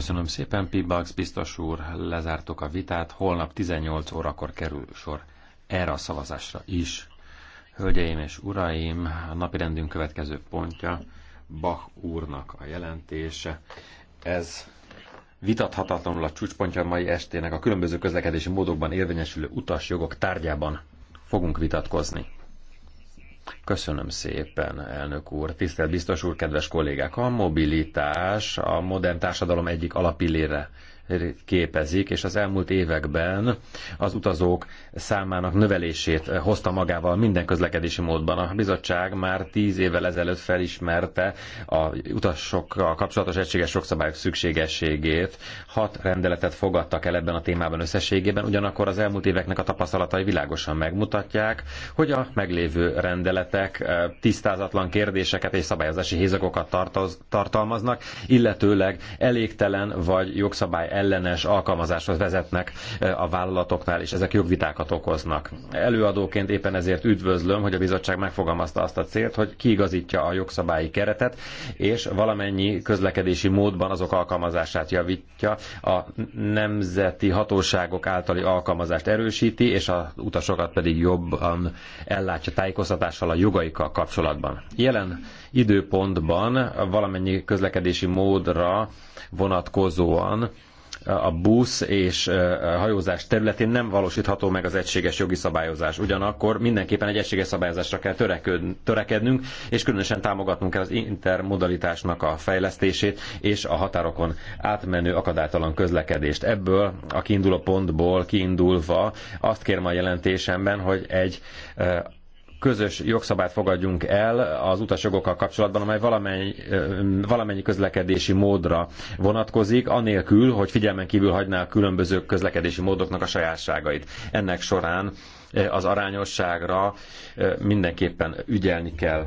Köszönöm szépen, Pibax biztos úr, lezártok a vitát. Holnap 18 órakor kerül sor erre a szavazásra is. Hölgyeim és uraim, a napirendünk következő pontja Bach úrnak a jelentése. Ez vitathatatlanul a csúcspontja a mai estének a különböző közlekedési módokban érvényesülő utasjogok tárgyában fogunk vitatkozni. Köszönöm szépen, elnök úr. Tisztelt biztos úr, kedves kollégák! A mobilitás a modern társadalom egyik alapillére képezik, és az elmúlt években az utazók számának növelését hozta magával minden közlekedési módban. A bizottság már tíz évvel ezelőtt felismerte a utasokkal kapcsolatos egységes jogszabályok szükségességét. Hat rendeletet fogadtak el ebben a témában összességében, ugyanakkor az elmúlt éveknek a tapasztalatai világosan megmutatják, hogy a meglévő rendeletek eh, tisztázatlan kérdéseket és szabályozási hézagokat tartalmaznak, illetőleg elégtelen vagy jogszabály ellenes alkalmazáshoz vezetnek a vállalatoknál, és ezek jogvitákat okoznak. Előadóként éppen ezért üdvözlöm, hogy a bizottság megfogalmazta azt a célt, hogy kiigazítja a jogszabályi keretet, és valamennyi közlekedési módban azok alkalmazását javítja, a nemzeti hatóságok általi alkalmazást erősíti, és a utasokat pedig jobban ellátja tájékoztatással a jogaikkal kapcsolatban. Jelen időpontban valamennyi közlekedési módra vonatkozóan a busz és hajózás területén nem valósítható meg az egységes jogi szabályozás. Ugyanakkor mindenképpen egy egységes szabályozásra kell törekednünk, és különösen támogatnunk kell az intermodalitásnak a fejlesztését és a határokon átmenő akadálytalan közlekedést. Ebből a kiinduló pontból kiindulva azt kérem a jelentésemben, hogy egy közös jogszabályt fogadjunk el az utasjogokkal kapcsolatban, amely valamennyi, valamennyi közlekedési módra vonatkozik, anélkül, hogy figyelmen kívül hagyná a különböző közlekedési módoknak a sajátságait. Ennek során az arányosságra mindenképpen ügyelni kell.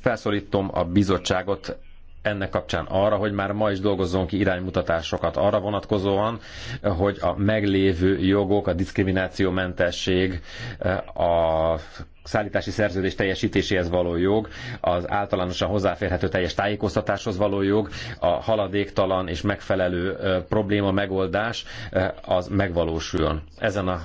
Felszólítom a bizottságot ennek kapcsán arra, hogy már ma is dolgozzon ki iránymutatásokat arra vonatkozóan, hogy a meglévő jogok, a diszkriminációmentesség, a szállítási szerződés teljesítéséhez való jog, az általánosan hozzáférhető teljes tájékoztatáshoz való jog, a haladéktalan és megfelelő probléma megoldás az megvalósuljon. Ezen a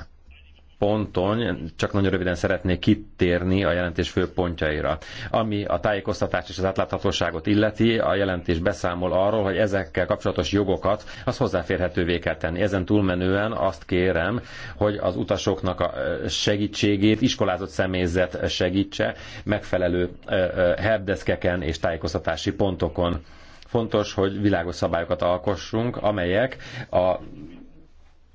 ponton csak nagyon röviden szeretnék kitérni a jelentés fő pontjaira. Ami a tájékoztatás és az átláthatóságot illeti, a jelentés beszámol arról, hogy ezekkel kapcsolatos jogokat az hozzáférhetővé kell tenni. Ezen túlmenően azt kérem, hogy az utasoknak a segítségét iskolázott személyzet segítse megfelelő helpdeskeken és tájékoztatási pontokon fontos, hogy világos szabályokat alkossunk, amelyek a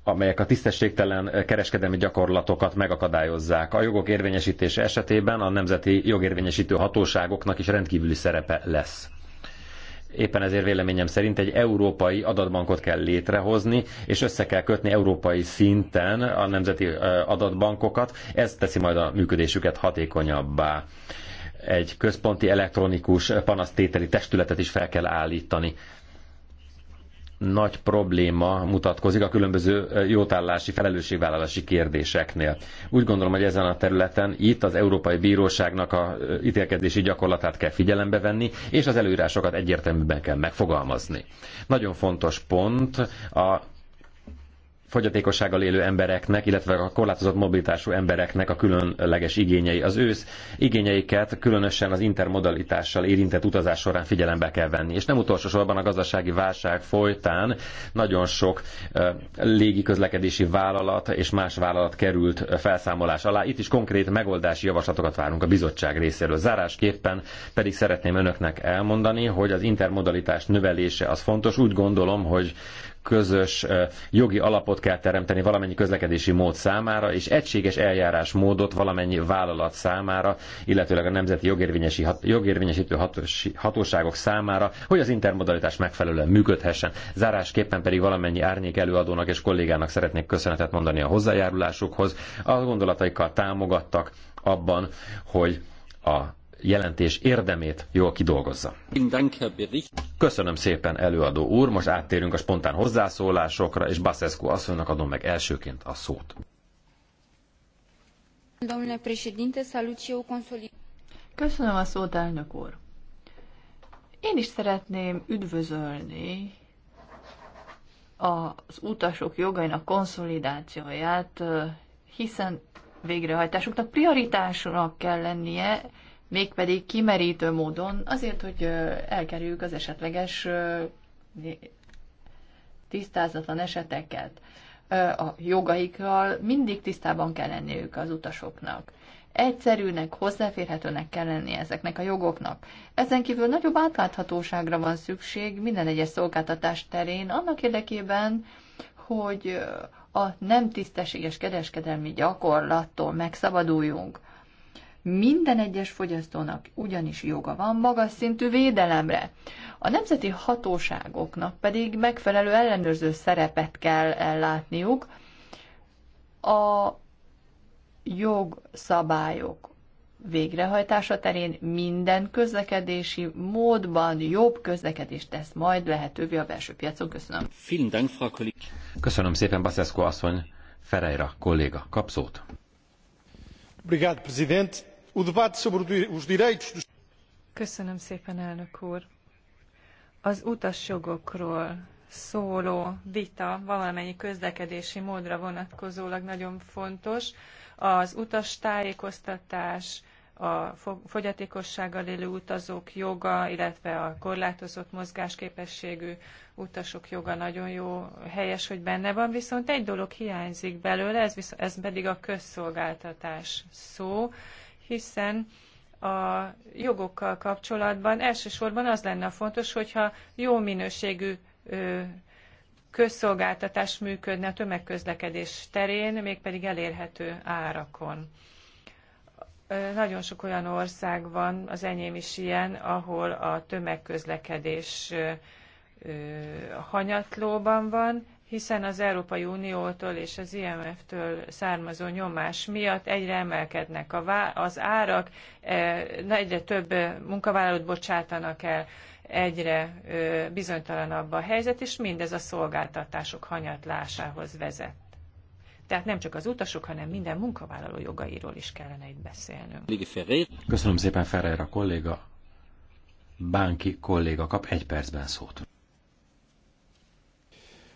amelyek a tisztességtelen kereskedelmi gyakorlatokat megakadályozzák. A jogok érvényesítése esetében a nemzeti jogérvényesítő hatóságoknak is rendkívüli szerepe lesz. Éppen ezért véleményem szerint egy európai adatbankot kell létrehozni, és össze kell kötni európai szinten a nemzeti adatbankokat. Ez teszi majd a működésüket hatékonyabbá. Egy központi elektronikus panasztételi testületet is fel kell állítani nagy probléma mutatkozik a különböző jótállási, felelősségvállalási kérdéseknél. Úgy gondolom, hogy ezen a területen itt az Európai Bíróságnak a ítélkezési gyakorlatát kell figyelembe venni, és az előírásokat egyértelműben kell megfogalmazni. Nagyon fontos pont a fogyatékossággal élő embereknek, illetve a korlátozott mobilitású embereknek a különleges igényei. Az ősz igényeiket különösen az intermodalitással érintett utazás során figyelembe kell venni. És nem utolsó sorban a gazdasági válság folytán nagyon sok légiközlekedési vállalat és más vállalat került felszámolás alá. Itt is konkrét megoldási javaslatokat várunk a bizottság részéről. Zárásképpen pedig szeretném önöknek elmondani, hogy az intermodalitás növelése az fontos. Úgy gondolom, hogy közös jogi alapot kell teremteni valamennyi közlekedési mód számára, és egységes eljárásmódot valamennyi vállalat számára, illetőleg a nemzeti jogérvényesi, jogérvényesítő hatóságok számára, hogy az intermodalitás megfelelően működhessen. Zárásképpen pedig valamennyi árnyék előadónak és kollégának szeretnék köszönetet mondani a hozzájárulásukhoz. A gondolataikkal támogattak abban, hogy a jelentés érdemét jól kidolgozza. Köszönöm szépen, előadó úr. Most áttérünk a spontán hozzászólásokra, és Baszeszku asszonynak adom meg elsőként a szót. Köszönöm a szót, elnök úr. Én is szeretném üdvözölni az utasok jogainak konszolidációját, hiszen végrehajtásuknak prioritásnak kell lennie, mégpedig kimerítő módon, azért, hogy elkerüljük az esetleges tisztázatlan eseteket. A jogaikkal mindig tisztában kell lenniük az utasoknak. Egyszerűnek, hozzáférhetőnek kell lenni ezeknek a jogoknak. Ezen kívül nagyobb átláthatóságra van szükség minden egyes szolgáltatás terén, annak érdekében, hogy a nem tisztességes kereskedelmi gyakorlattól megszabaduljunk. Minden egyes fogyasztónak ugyanis joga van magas szintű védelemre. A nemzeti hatóságoknak pedig megfelelő ellenőrző szerepet kell ellátniuk a jogszabályok végrehajtása terén minden közlekedési módban jobb közlekedést tesz majd lehetővé a belső piacon. Köszönöm. Köszönöm szépen, Baszeszko asszony. Ferreira kolléga, kapszót. Obrigado, presidente o debate sobre os direitos dos. Köszönöm szépen, elnök úr. Az utasjogokról szóló vita valamennyi közlekedési módra vonatkozólag nagyon fontos. Az utastájékoztatás, a fogyatékossággal élő utazók joga, illetve a korlátozott mozgásképességű utasok joga nagyon jó, helyes, hogy benne van, viszont egy dolog hiányzik belőle, ez, ez pedig a közszolgáltatás szó hiszen a jogokkal kapcsolatban elsősorban az lenne fontos, hogyha jó minőségű közszolgáltatás működne a tömegközlekedés terén, mégpedig elérhető árakon. Nagyon sok olyan ország van, az enyém is ilyen, ahol a tömegközlekedés hanyatlóban van, hiszen az Európai Uniótól és az IMF-től származó nyomás miatt egyre emelkednek a az árak, e, egyre több munkavállalót bocsátanak el, egyre bizonytalanabb a helyzet, és mindez a szolgáltatások hanyatlásához vezet. Tehát nem csak az utasok, hanem minden munkavállaló jogairól is kellene itt beszélnünk. Köszönöm szépen Ferreira kolléga. Bánki kolléga kap egy percben szót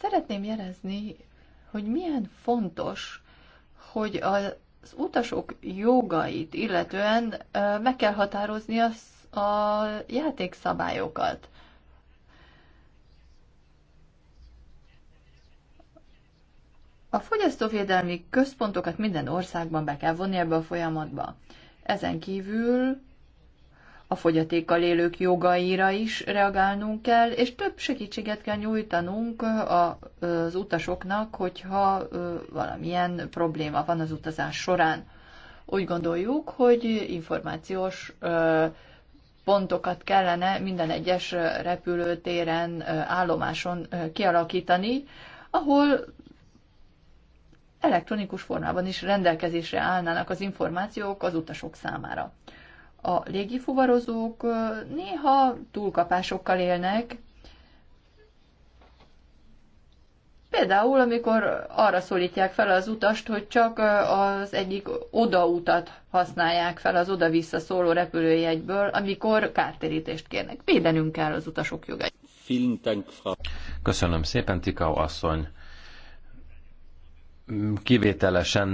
Szeretném jelezni, hogy milyen fontos, hogy az utasok jogait illetően meg kell határozni a, a játékszabályokat. A fogyasztóvédelmi központokat minden országban be kell vonni ebbe a folyamatba. Ezen kívül a fogyatékkal élők jogaira is reagálnunk kell, és több segítséget kell nyújtanunk az utasoknak, hogyha valamilyen probléma van az utazás során. Úgy gondoljuk, hogy információs pontokat kellene minden egyes repülőtéren, állomáson kialakítani, ahol elektronikus formában is rendelkezésre állnának az információk az utasok számára. A légifuvarozók néha túlkapásokkal élnek, Például, amikor arra szólítják fel az utast, hogy csak az egyik odautat használják fel az oda-vissza szóló repülőjegyből, amikor kártérítést kérnek. Védenünk kell az utasok jogait. Köszönöm szépen, Tikau asszony. Kivételesen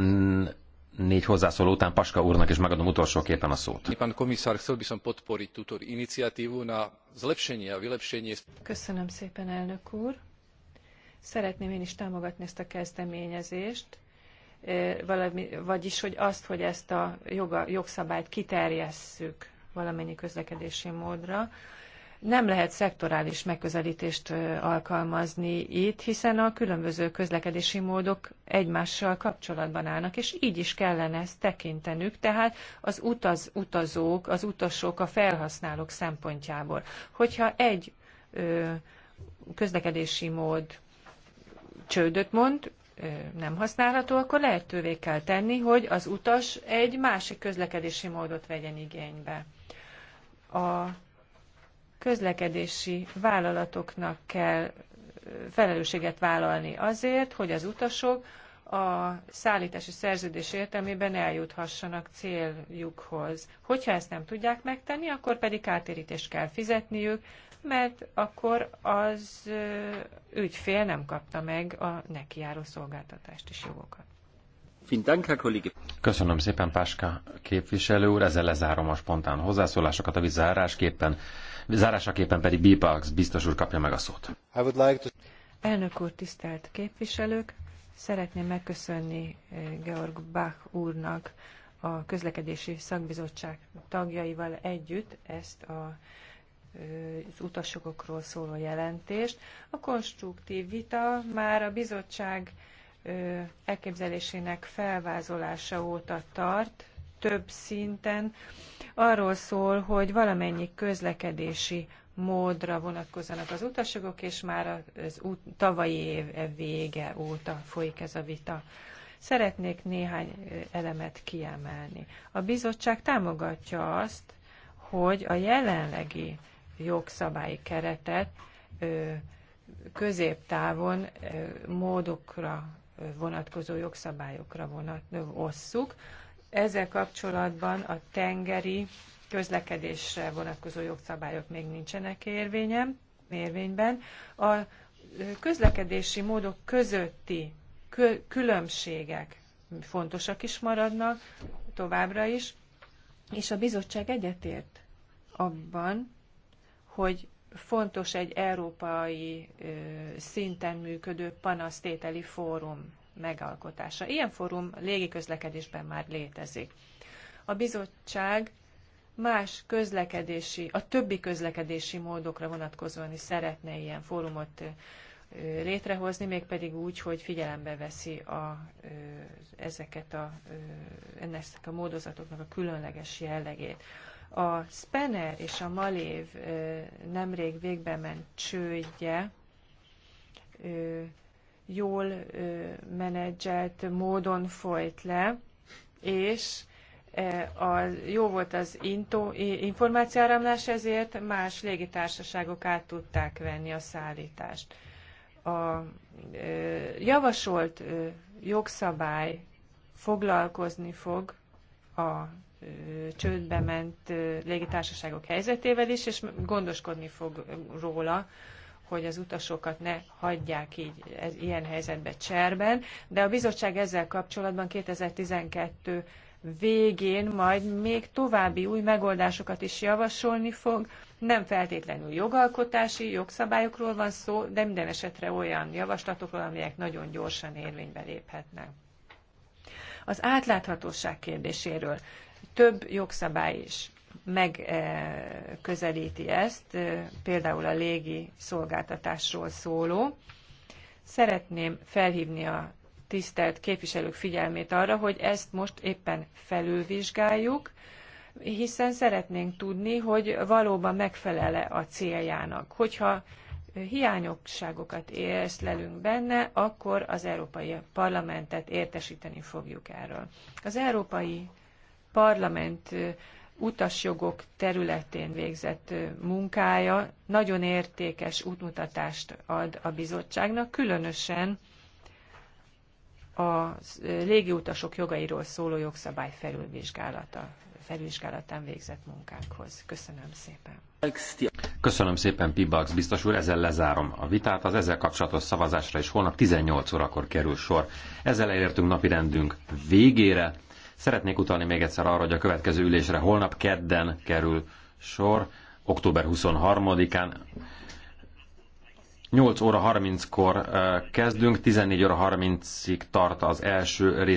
négy hozzászóló után Paska úrnak is megadom utolsó képen a szót. Pán komisár, chcel by som podporiť túto iniciatívu na zlepšenie a vylepšenie. Köszönöm szépen, elnök úr. Szeretném én is támogatni ezt a kezdeményezést, eh, valami, vagyis hogy azt, hogy ezt a joga, jogszabályt kiterjesszük valamennyi közlekedési módra nem lehet szektorális megközelítést alkalmazni itt, hiszen a különböző közlekedési módok egymással kapcsolatban állnak, és így is kellene ezt tekintenünk, tehát az utaz, utazók, az utasok, a felhasználók szempontjából. Hogyha egy ö, közlekedési mód csődöt mond, nem használható, akkor lehetővé kell tenni, hogy az utas egy másik közlekedési módot vegyen igénybe. A közlekedési vállalatoknak kell felelősséget vállalni azért, hogy az utasok a szállítási szerződés értelmében eljuthassanak céljukhoz. Hogyha ezt nem tudják megtenni, akkor pedig kártérítést kell fizetniük, mert akkor az ügyfél nem kapta meg a neki járó szolgáltatást és jogokat. Köszönöm szépen, Páska képviselő úr. Ezzel lezárom a spontán hozzászólásokat a vízzárásképpen. Zárásaképpen pedig Bipax biztos úr kapja meg a szót. Elnök úr, tisztelt képviselők! Szeretném megköszönni eh, Georg Bach úrnak a közlekedési szakbizottság tagjaival együtt ezt a eh, az utasokokról szóló jelentést. A konstruktív vita már a bizottság eh, elképzelésének felvázolása óta tart, több szinten arról szól, hogy valamennyi közlekedési módra vonatkozzanak az utasjogok, és már az út, tavalyi év vége óta folyik ez a vita. Szeretnék néhány elemet kiemelni. A bizottság támogatja azt, hogy a jelenlegi jogszabályi keretet középtávon módokra vonatkozó jogszabályokra vonat, osszuk, ezzel kapcsolatban a tengeri közlekedésre vonatkozó jogszabályok még nincsenek érvényen, érvényben. A közlekedési módok közötti különbségek fontosak is maradnak továbbra is, és a bizottság egyetért abban, hogy fontos egy európai szinten működő panasztételi fórum megalkotása. Ilyen fórum légiközlekedésben már létezik. A bizottság más közlekedési, a többi közlekedési módokra vonatkozóan is szeretne ilyen fórumot létrehozni, mégpedig úgy, hogy figyelembe veszi a, ezeket a, ennek a módozatoknak a különleges jellegét. A Spanner és a Malév nemrég végbe ment csődje jól menedzselt módon folyt le, és e, a, jó volt az into, információáramlás, ezért más légitársaságok át tudták venni a szállítást. A javasolt jogszabály foglalkozni fog a csődbe ment légitársaságok helyzetével is, és gondoskodni fog róla, hogy az utasokat ne hagyják így ez, ilyen helyzetbe cserben, de a bizottság ezzel kapcsolatban 2012 végén majd még további új megoldásokat is javasolni fog. Nem feltétlenül jogalkotási jogszabályokról van szó, de minden esetre olyan javaslatokról, amelyek nagyon gyorsan érvénybe léphetnek. Az átláthatóság kérdéséről több jogszabály is megközelíti ezt, például a légi szolgáltatásról szóló. Szeretném felhívni a tisztelt képviselők figyelmét arra, hogy ezt most éppen felülvizsgáljuk, hiszen szeretnénk tudni, hogy valóban megfelele a céljának. Hogyha hiányosságokat észlelünk benne, akkor az Európai Parlamentet értesíteni fogjuk erről. Az Európai Parlament utasjogok területén végzett munkája nagyon értékes útmutatást ad a bizottságnak, különösen a légiutasok jogairól szóló jogszabály felülvizsgálata, felülvizsgálatán végzett munkákhoz. Köszönöm szépen. Köszönöm szépen, Pibax biztos úr, ezzel lezárom a vitát. Az ezzel kapcsolatos szavazásra is holnap 18 órakor kerül sor. Ezzel elértünk napirendünk végére. Szeretnék utalni még egyszer arra, hogy a következő ülésre holnap kedden kerül sor, október 23-án. 8 óra 30-kor eh, kezdünk, 14 óra 30-ig tart az első rész.